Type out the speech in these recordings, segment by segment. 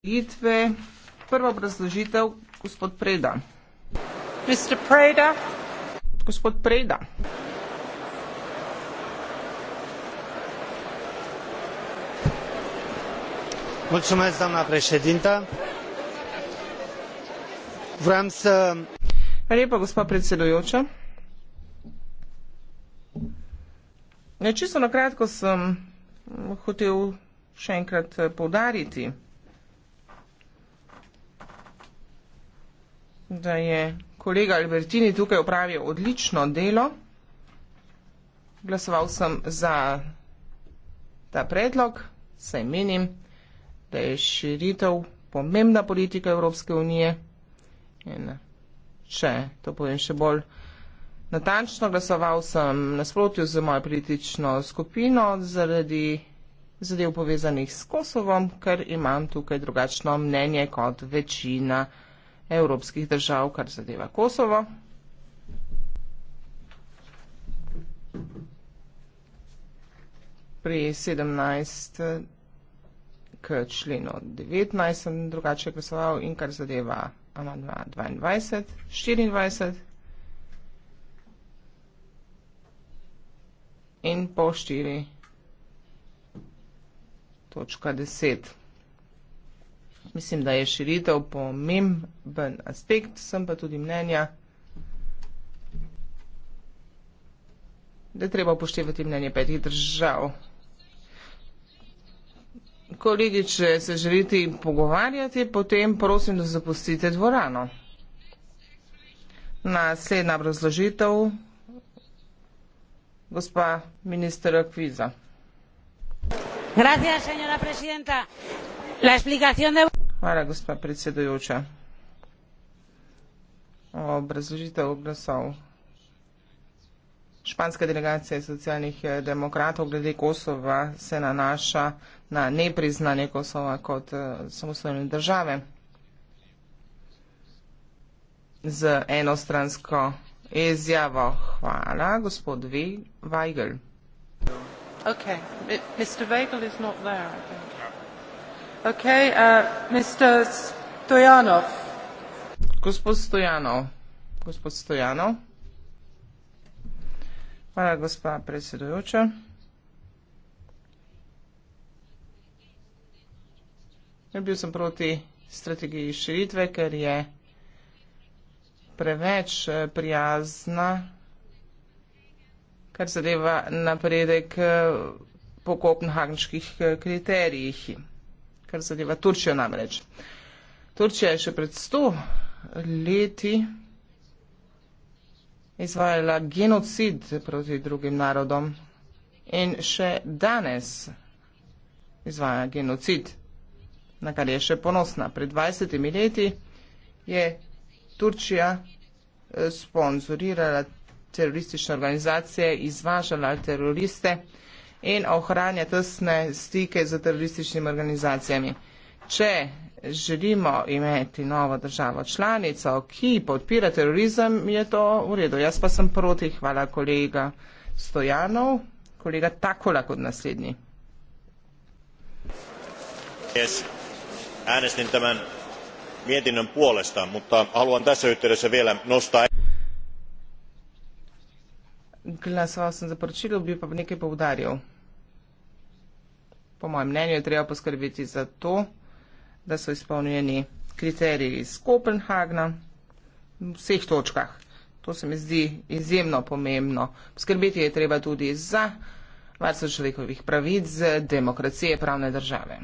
Itve. Prva obrazložitev, gospod Preda. Mr. Preda. Gospod Preda. Mulțumesc, doamna președintă. Vreau să... Lepă, gospod predsedujoča. Ne, čisto na kratko sem hotel še enkrat poudariti, da je kolega Albertini tukaj upravil odlično delo. Glasoval sem za ta predlog, saj menim, da je širitev pomembna politika Evropske unije. In če to povem še bolj natančno, glasoval sem nasprotju z mojo politično skupino zaradi zadev povezanih s Kosovom, ker imam tukaj drugačno mnenje kot večina evropskih držav, kar zadeva Kosovo. Pri 17 k členu 19 sem drugače glasoval in kar zadeva amandma 22, 24 in po 4 točka 10. Mislim, da je širitev pomemben aspekt, sem pa tudi mnenja, da je treba upoštevati mnenje petih držav. Kolegi, če se želite pogovarjati, potem prosim, da zapustite dvorano. Naslednja razložitev, gospa minister Akviza. Gracias, señora presidenta. La explicación de... Hvala, gospa predsedojoča. Obrazložitev glasov Španske delegacije socialnih eh, demokratov glede Kosova se nanaša na nepriznanje Kosova kot eh, samostojne države z enostransko izjavo. Hvala, gospod Weigel. Okay. It, Mr. Weigel is not there, I think. Uh, gospod stoyanov hvala gospa predsedujoča ja bil sem proti strategiji širitve ker je preveč eh, prijazna kar zadeva napredek eh, po kopenhagenških eh, kriterijih kar zadeva Turčijo namreč. Turčija je še pred sto leti izvajala genocid proti drugim narodom in še danes izvaja genocid, na kar je še ponosna. Pred 20 leti je Turčija eh, sponzorirala teroristične organizacije, izvažala teroriste in ohranja tesne stike z terorističnimi organizacijami. Če želimo imeti novo državo članico, ki podpira terorizem, je to v redu. Jaz pa sem proti. Hvala kolega Stojanov, kolega Takola kot naslednji. Yes. Äänestin tämän mietinnön puolesta, mutta haluan tässä yhteydessä vielä nostaa glasoval sem za poročilo, bi pa nekaj povdarjal. Po mojem mnenju je treba poskrbeti za to, da so izpolnjeni kriteriji iz Kopenhagna v vseh točkah. To se mi zdi izjemno pomembno. Poskrbeti je treba tudi za varstvo človekovih pravic, demokracije, pravne države.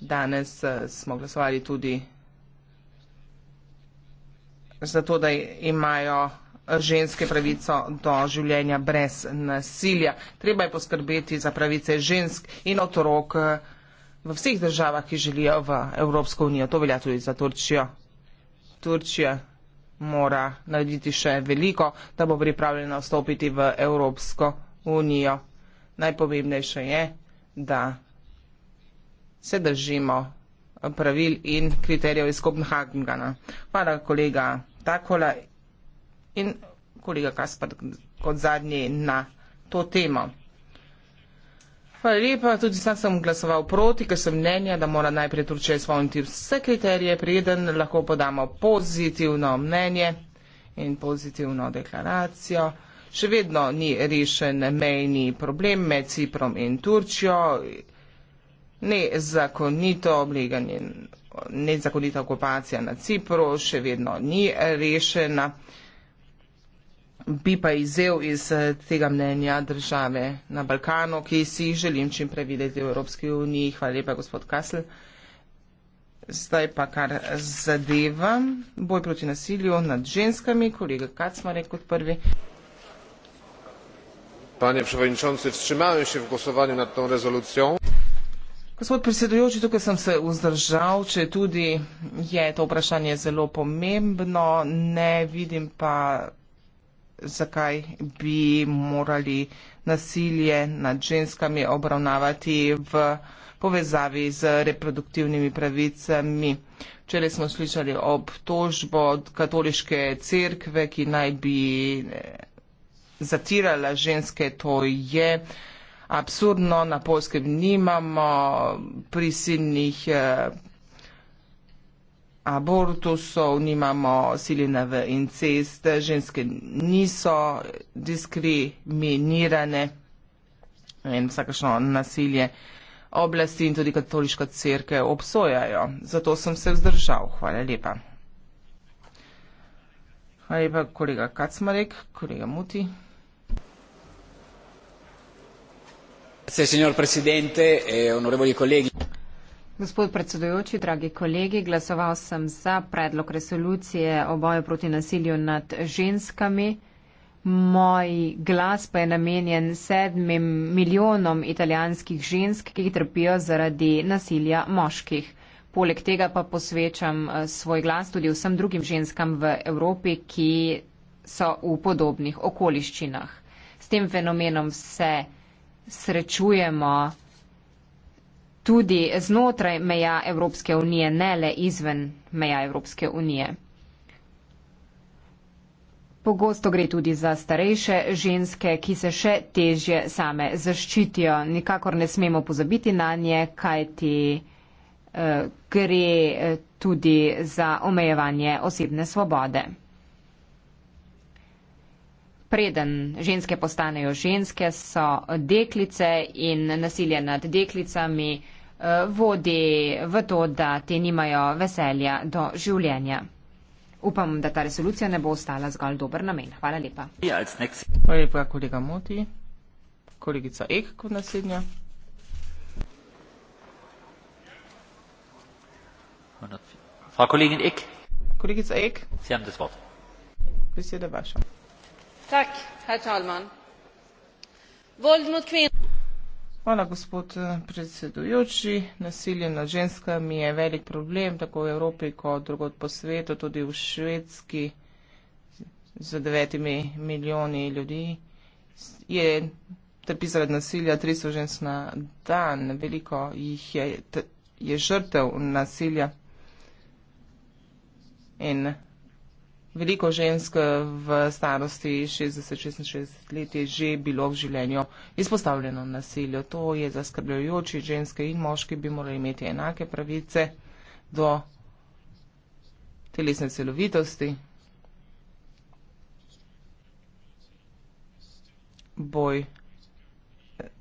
Danes eh, smo glasovali tudi zato, da imajo ženske pravico do življenja brez nasilja. Treba je poskrbeti za pravice žensk in otrok eh, v vseh državah, ki želijo v Evropsko unijo. To velja tudi za Turčijo. Turčija mora narediti še veliko, da bo pripravljena vstopiti v Evropsko unijo. Najpomembnejše je, da se držimo pravil in kriterijev iz Kopenhagena. Hvala, kolega takole in kolega Kaspar kot zadnji na to temo. Hvala lepa, tudi sam sem glasoval proti, ker sem mnenja, da mora najprej Turčija izpolniti vse kriterije, preden lahko podamo pozitivno mnenje in pozitivno deklaracijo. Še vedno ni rešen mejni problem med Ciprom in Turčijo nezakonito obleganje, nezakonita okupacija na Cipru še vedno ni rešena. Bi pa izzev iz eh, tega mnenja države na Balkanu, ki si jih želim čim prej videti v Evropski uniji. Hvala lepa, gospod Kasl. Zdaj pa kar zadeva boj proti nasilju nad ženskami. Kolega Kacmarek kot prvi. Panie przewodniczący, wstrzymałem się w głosowaniu nad tą rezolucją. Gospod predsedujoči, tukaj sem se vzdržal, če tudi je to vprašanje zelo pomembno, ne vidim pa, zakaj bi morali nasilje nad ženskami obravnavati v povezavi z reproduktivnimi pravicami. Včeraj smo slišali obtožbo od katoliške cerkve, ki naj bi eh, zatirala ženske, to je absurdno, na Poljskem nimamo prisilnih eh, abortusov, nimamo siljene v incest, ženske niso diskriminirane in vsakašno nasilje oblasti in tudi katoliška crkve obsojajo. Zato sem se vzdržal. Hvala lepa. Hvala lepa kolega Kacmarek, kolega Muti. E Gospod predsedujoči, dragi kolegi, glasoval sem za predlog resolucije o boju proti nasilju nad ženskami. Moj glas pa je namenjen sedmim milijonom italijanskih žensk, ki jih trpijo zaradi nasilja moških. Poleg tega pa posvečam eh, svoj glas tudi vsem drugim ženskam v Evropi, ki so v podobnih okoliščinah. S tem fenomenom se srečujemo tudi znotraj meja Evropske unije, ne le izven meja Evropske unije. Pogosto gre tudi za starejše ženske, ki se še težje same zaščitijo. Nikakor ne smemo pozabiti na nje, kajti eh, gre eh, tudi za omejevanje osebne svobode preden ženske postanejo ženske, so deklice in nasilje nad deklicami eh, vodi v to, da te nimajo veselja do življenja. Upam, da ta resolucija ne bo ostala zgolj dober namen. Hvala lepa. Hvala lepa, kolega Moti. Kolegica Ek kot naslednja. Frau Kollegin Eck. Kollegin Eck. Sie haben das Wort. Bis hier der Wahrscheinlichkeit herr talman Vold mot Hvala, gospod eh, predsedujoči. Nasilje nad ženskami je velik problem, tako v Evropi kot drugod po svetu, tudi v Švedski z devetimi milijoni ljudi. Je trpi zaradi nasilja 300 žensk na dan, veliko jih je, je žrtev nasilja. In Veliko žensk v starosti 60-66 let je že bilo v življenju izpostavljeno nasilju. To je zaskrbljujoče. Ženske in moški bi morali imeti enake pravice do telesne celovitosti, boj eh,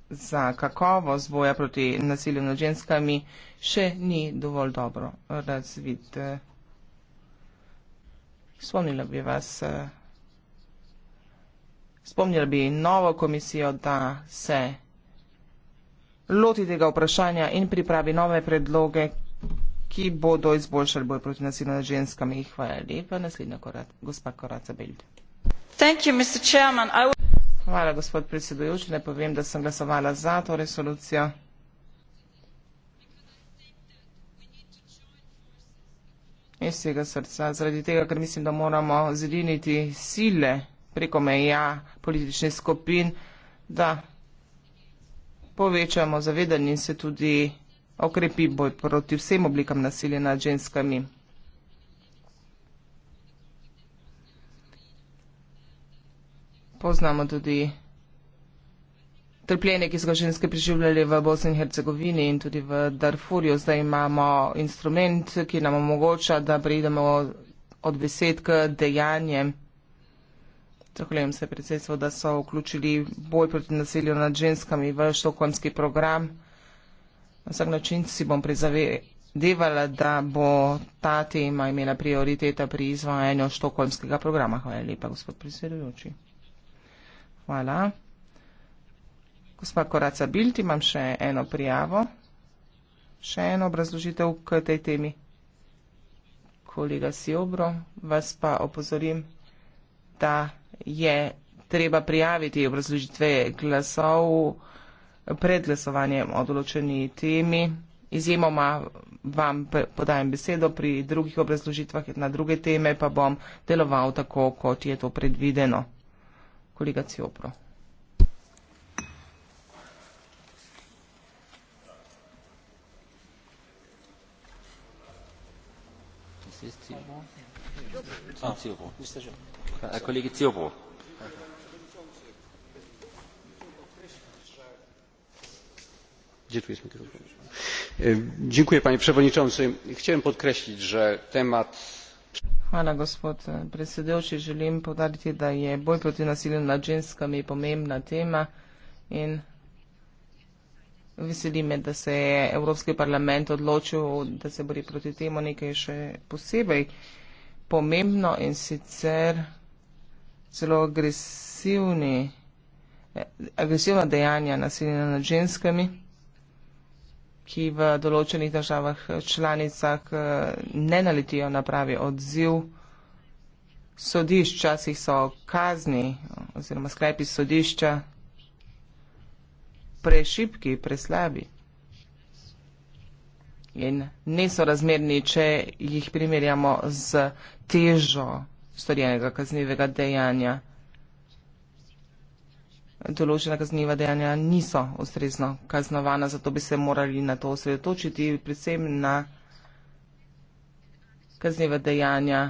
za kakovost, boja proti nasilju nad ženskami še ni dovolj dobro razvit. Spomnila bi vas, eh, spomnila bi novo komisijo, da se loti tega vprašanja in pripravi nove predloge, ki bodo izboljšali boj proti nasilju nad ženskami. Hvala lepa. Naslednja korat, gospa Koraca Beld. Hvala, gospod predsedujoči. Naj povem, da sem glasovala za to resolucijo. iz vsega srca, zaradi tega, ker mislim, da moramo zediniti sile preko meja političnih skupin, da povečamo zavedanje in se tudi okrepi boj proti vsem oblikam nasilja nad ženskami. Poznamo tudi trpljenje, ki so ga ženske priživljali v Bosni in Hercegovini in tudi v Darfurju. Zdaj imamo instrument, ki nam omogoča, da preidemo od besed k dejanjem. Zahvaljujem se predsedstvu, da so vključili boj proti nasilju nad ženskami v štokonski program. Na vsak način si bom prizadevala, da bo ta tema imela prioriteta pri izvajanju štokonskega programa. Hvala lepa, gospod predsedujoči. Hvala. Gospa Koraca Bilt, imam še eno prijavo. Še eno obrazložitev k tej temi. Kolega Siobro, vas pa opozorim, da je treba prijaviti obrazložitve glasov pred glasovanjem o določeni temi. Izjemoma vam podajem besedo pri drugih obrazložitvah na druge teme, pa bom deloval tako, kot je to predvideno. Kolega Ciopro. Ah. Euh, e, panie przewodniczący! chciałem podkreślić że temat hvala gospod e, predsedujoči želim poudariti da je boj proti nasilju nad ženskami pomembna tema in veseli me da se je evropski parlament odločil da se bori proti temu nekaj še posebej pomembno in sicer zelo agresivni, agresivna dejanja nasilja nad ženskami, ki v določenih državah članicah ne naletijo na pravi odziv. Sodišč, časih so kazni oziroma sklepi sodišča prešipki, preslabi in nesorazmerni, če jih primerjamo z težo storjenega kaznivega dejanja. Določena kazniva dejanja niso ustrezno kaznovana, zato bi se morali na to osredotočiti, predvsem na kazniva dejanja,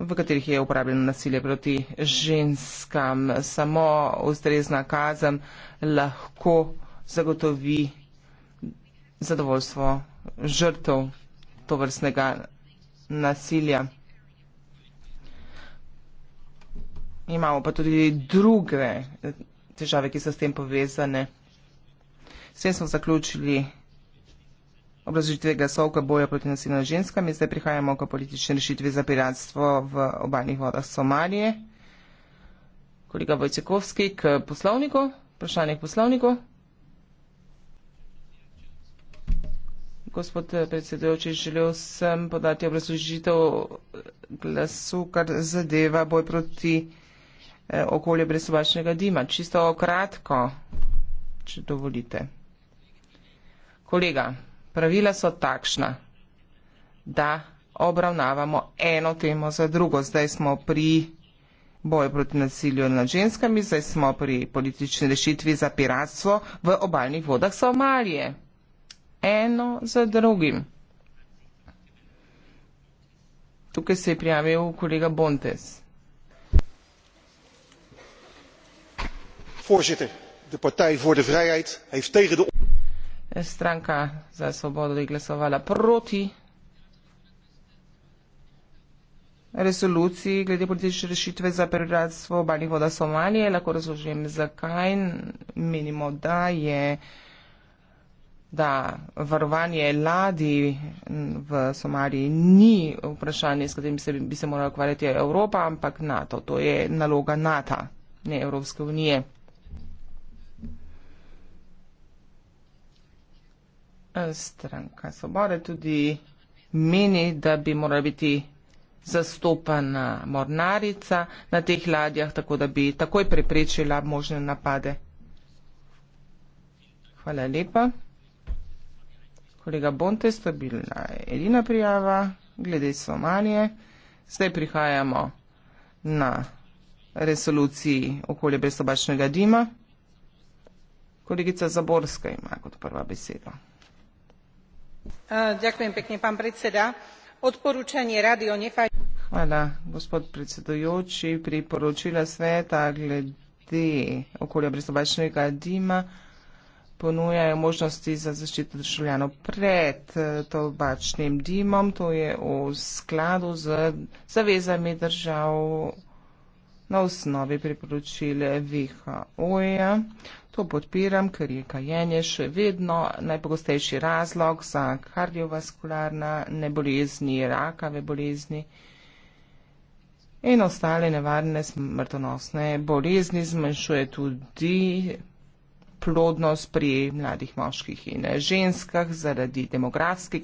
v katerih je uporabljeno nasilje proti ženskam. Samo ustrezna kazen lahko zagotovi zadovoljstvo žrtev tovrstnega nasilja. Imamo pa tudi druge težave, ki so s tem povezane. S tem smo zaključili obrazložitvega sovka boja proti nasilju nad ženskami, zdaj prihajamo k politični rešitvi za piratstvo v obaljnih vodah Somalije. Kolega Vojcekovski k poslovniku, vprašanje k poslovniku. Gospod predsedujoči, želel sem podati obrazložitev glasu, kar zadeva boj proti eh, okolje brez sovačnega dima. Čisto kratko, če dovolite. Kolega, pravila so takšna, da obravnavamo eno temo za drugo. Zdaj smo pri boju proti nasilju nad ženskami, zdaj smo pri politični rešitvi za piratstvo v obaljnih vodah Somalije eno za drugim. Tukaj se je prijavil kolega Bontes. Voorzitter, de partij voor de vrijheid heeft tegen de. Stranka za svobodo je glasovala proti resoluciji glede politične rešitve za prerazvoj obalnih voda Somalije. Lahko razložim, zakaj menimo, da je da varovanje ladi v Somaliji ni vprašanje, s katerim se bi se morala ukvarjati Evropa, ampak NATO. To je naloga NATO, ne Evropske unije. Stranka Svobode tudi meni, da bi morala biti zastopana mornarica na teh ladjah, tako da bi takoj preprečila možne napade. Hvala lepa kolega Bontes, to je bila edina prijava glede Somalije. Zdaj prihajamo na resoluciji okolje brezobačnega dima. Kolegica Zaborska ima kot prva besedo. Ďakujem pekne, pán predseda. Odporúčanie rady o nefaj... Hvala, gospod predsedujoči. Priporočila sveta glede okolja brezobačnega dima ponujajo možnosti za zaščito državljanov pred eh, tobačnim dimom. To je v skladu z zavezami držav na osnovi priporočile VHO-ja. To podpiram, ker je kajenje še vedno najpogostejši razlog za kardiovaskularna nebolezni, rakave bolezni in ostale nevarne smrtonosne bolezni. Zmanjšuje tudi plodnost pri mladih moških in ženskah zaradi demografske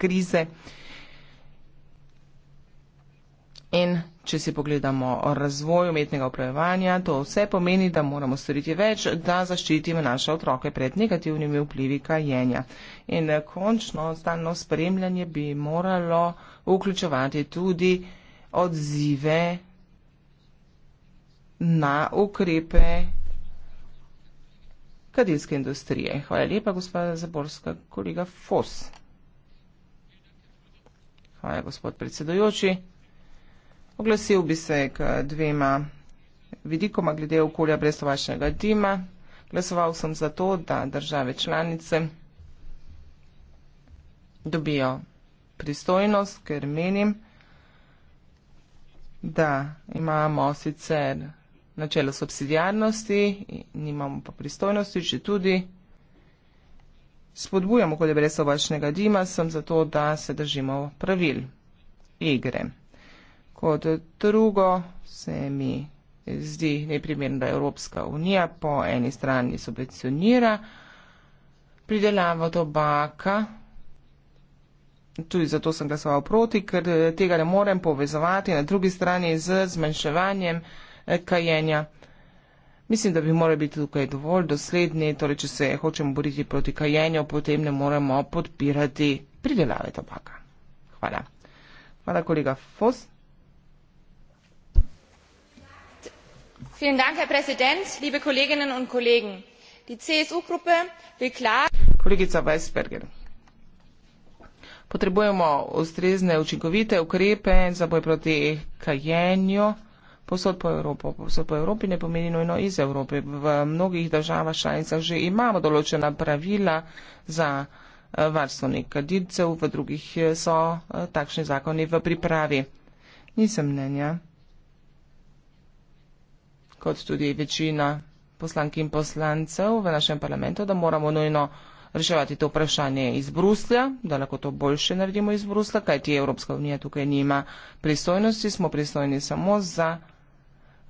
krize. In če si pogledamo razvoj umetnega oplojevanja, to vse pomeni, da moramo storiti več, da zaščitimo naše otroke pred negativnimi vplivi kajenja. In končno stalno spremljanje bi moralo vključevati tudi odzive na ukrepe kadilske industrije. Hvala lepa, gospoda Zaborska, kolega Fos. Hvala, gospod predsedojoči. Oglasil bi se k dvema vidikoma glede okolja brez tovašnjega dima. Glasoval sem za to, da države članice dobijo pristojnost, ker menim, da imamo sicer načelo subsidijarnosti, nimamo pa pristojnosti, če tudi spodbujamo okolje brez sovačnega dima, sem zato, da se držimo pravil igre. Kot drugo se mi zdi neprimerno, da Evropska unija po eni strani subvencionira pridelavo tobaka, tudi zato sem glasoval proti, ker tega ne morem povezovati na drugi strani z zmanjševanjem Eh, kajenja. Mislim, da bi morali biti tukaj dovolj dosledni, torej če se hočemo boriti proti kajenju, potem ne moremo podpirati pridelave tobaka. Hvala. Hvala, kolega Fos. Vielen Dank, Herr Präsident, liebe Kolleginnen und Kollegen. Die CSU-Gruppe will klar. Kollegin Weisberger. Potrebujemo ustrezne, učinkovite ukrepe za boj proti kajenju posod po Evropo. Posod po Evropi ne pomeni nojno iz Evrope. V mnogih državah članicah že imamo določena pravila za eh, varstvo nekadilcev, v drugih eh, so eh, takšni zakoni v pripravi. Nisem mnenja, kot tudi večina poslank in poslancev v našem parlamentu, da moramo nojno reševati to vprašanje iz Bruslja, da lahko to boljše naredimo iz Bruslja, kajti Evropska unija tukaj nima pristojnosti, smo pristojni samo za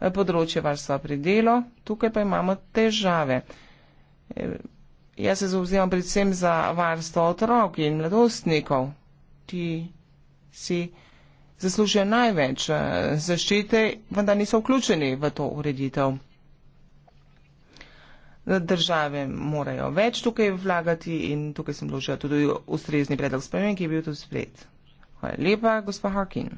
področje varstva pri delu, tukaj pa imamo težave. Jaz se zauzemam predvsem za varstvo otrok in mladostnikov. Ti si zaslužijo največ eh, zaščite, vendar niso vključeni v to ureditev. Države morajo več tukaj vlagati in tukaj sem vložila tudi ustrezni predlog spremen, ki je bil tudi sprejet. Hvala lepa, gospod Hakin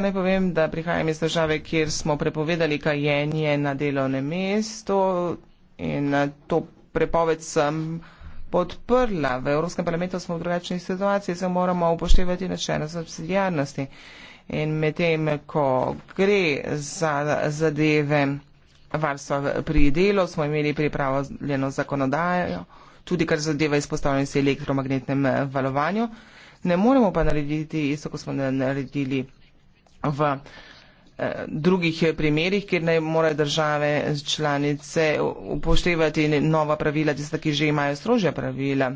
naj povem da prihajam iz države kjer smo prepovedali kajenje na delovnem mestu in eh, to prepoved sem podprla v evropskem parlamentu smo v drugačni situaciji saj moramo upoštevati načelo subsidiarnosti in medtem ko gre za zadeve varstva pri delu smo imeli pripravljeno zakonodajo tudi kar zadeva izpostavljenost elektromagnetnem eh, valovanju. Ne moremo pa narediti isto, kot smo naredili v eh, drugih primerjih, kjer naj morajo države članice upoštevati nova pravila, tiste, ki že imajo strožja pravila.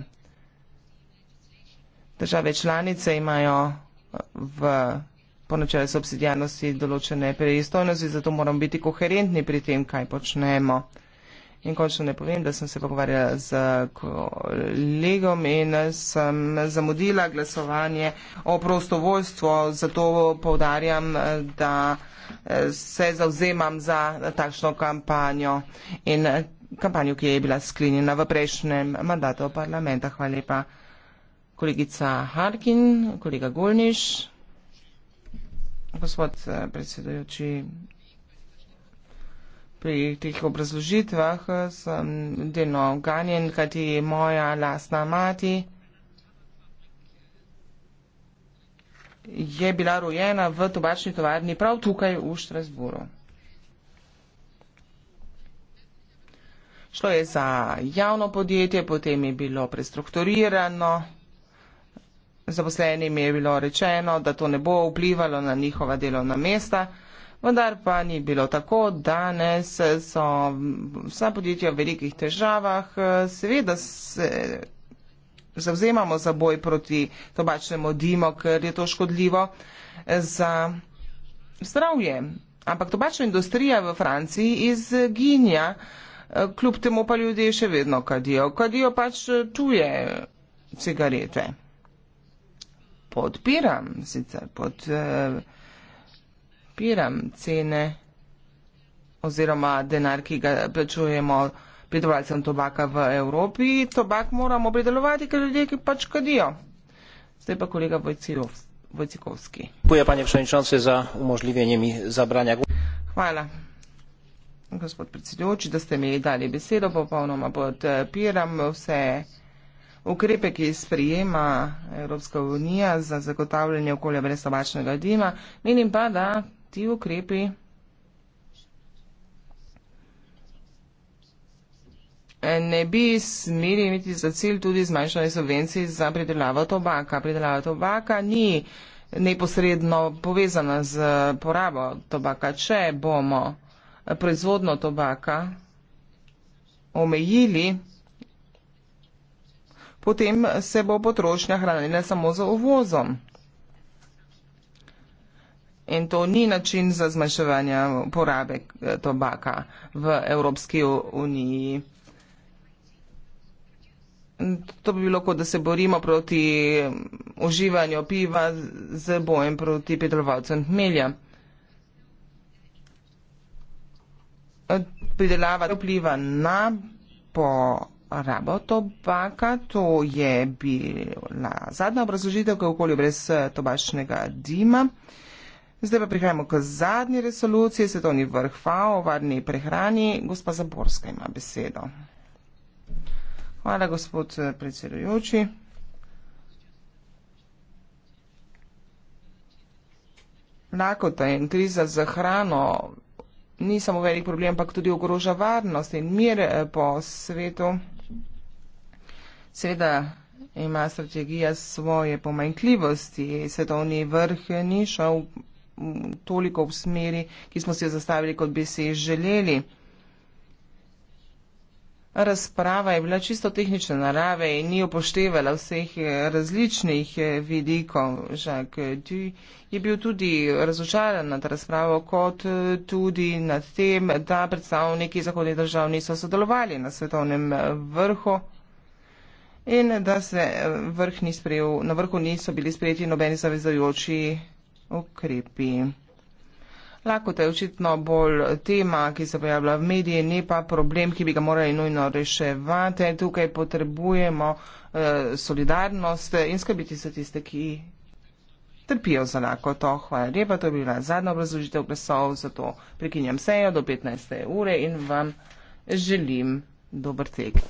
Države članice imajo eh, v ponačele subsidijarnosti določene pristojnosti, zato moramo biti koherentni pri tem, kaj počnemo. In končno ne povem, da sem se pogovarjala z kolegom in sem zamudila glasovanje o prostovoljstvo, zato povdarjam, da se zauzemam za takšno kampanjo in kampanjo, ki je bila sklenjena v prejšnjem mandatu parlamenta. Hvala lepa. Kolegica Harkin, kolega Golniš, gospod eh, predsedujoči, pri teh obrazložitvah eh, sem delno ganjen, kajti moja lastna mati je bila rojena v tobačni tovarni prav tukaj v Štrasburu. Šlo je za javno podjetje, potem je bilo prestrukturirano, zaposlenim je bilo rečeno, da to ne bo vplivalo na njihova delovna mesta. Vendar pa ni bilo tako, danes so vsa podjetja v velikih težavah. Seveda se zavzemamo za boj proti tobačnemu dimu, ker je to škodljivo za zdravje. Ampak tobačna industrija v Franciji izginja, kljub temu pa ljudje še vedno kadijo. Kadijo pač tuje cigarete. Podpiram sicer pod. Eh, podpiram cene oziroma denar, ki ga plačujemo pridobalcem tobaka v Evropi. Tobak moramo predelovati, ker ljudje, ki pač kadijo. Zdaj pa kolega Vojcikovski. Hvala, panje predsedujoči, za umožljivanje mi zabranja. Hvala, gospod predsedujoči, da ste mi dali besedo. Popolnoma podpiram vse ukrepe, ki jih sprijema Evropska unija za zagotavljanje okolja brez tobačnega dima. Menim pa, da ti ukrepi ne bi smeli imeti za cilj tudi zmanjšanje subvencij za pridelavo tobaka. Pridelava tobaka ni neposredno povezana z porabo tobaka. Če bomo proizvodno tobaka omejili, potem se bo potrošnja hranila samo za uvozom. In to ni način za zmanjševanje porabe eh, tobaka v Evropski uniji. To bi bilo, kot da se borimo proti mm, uživanju piva z bojem proti petrovalcem hmelja. Eh, pridelava vpliva na porabo tobaka, to je bila zadnja obrazložitev, kako okolje brez eh, tobačnega dima. Zdaj pa prihajamo k zadnji resoluciji, svetovni vrh FAO o varni prehrani. Gospa Zaborska ima besedo. Hvala, gospod predsedujoči. Lakota in kriza za hrano ni samo velik problem, ampak tudi ogroža varnost in mir eh, po svetu. Seveda ima strategija svoje pomanjkljivosti. Svetovni vrh ni šel toliko v smeri, ki smo si jo zastavili, kot bi si želeli. Razprava je bila čisto tehnične narave in ni upoštevala vseh eh, različnih eh, vidikov. Jacques Dieu je bil tudi razočaran nad razpravo, kot eh, tudi nad tem, da predstavniki zahodnih držav niso sodelovali na svetovnem vrhu in da se vrh ni sprejel, na vrhu niso bili sprejeti nobeni zavezojoči ukrepi. Lakota je očitno bolj tema, ki se pojavlja v mediji, ne pa problem, ki bi ga morali nujno reševati. Tukaj potrebujemo eh, solidarnost in skrbiti za tiste, ki trpijo za lakoto. Hvala lepa, to je bila zadnja obrazložitev glasov, zato prekinjam sejo do 15. ure in vam želim dober tek.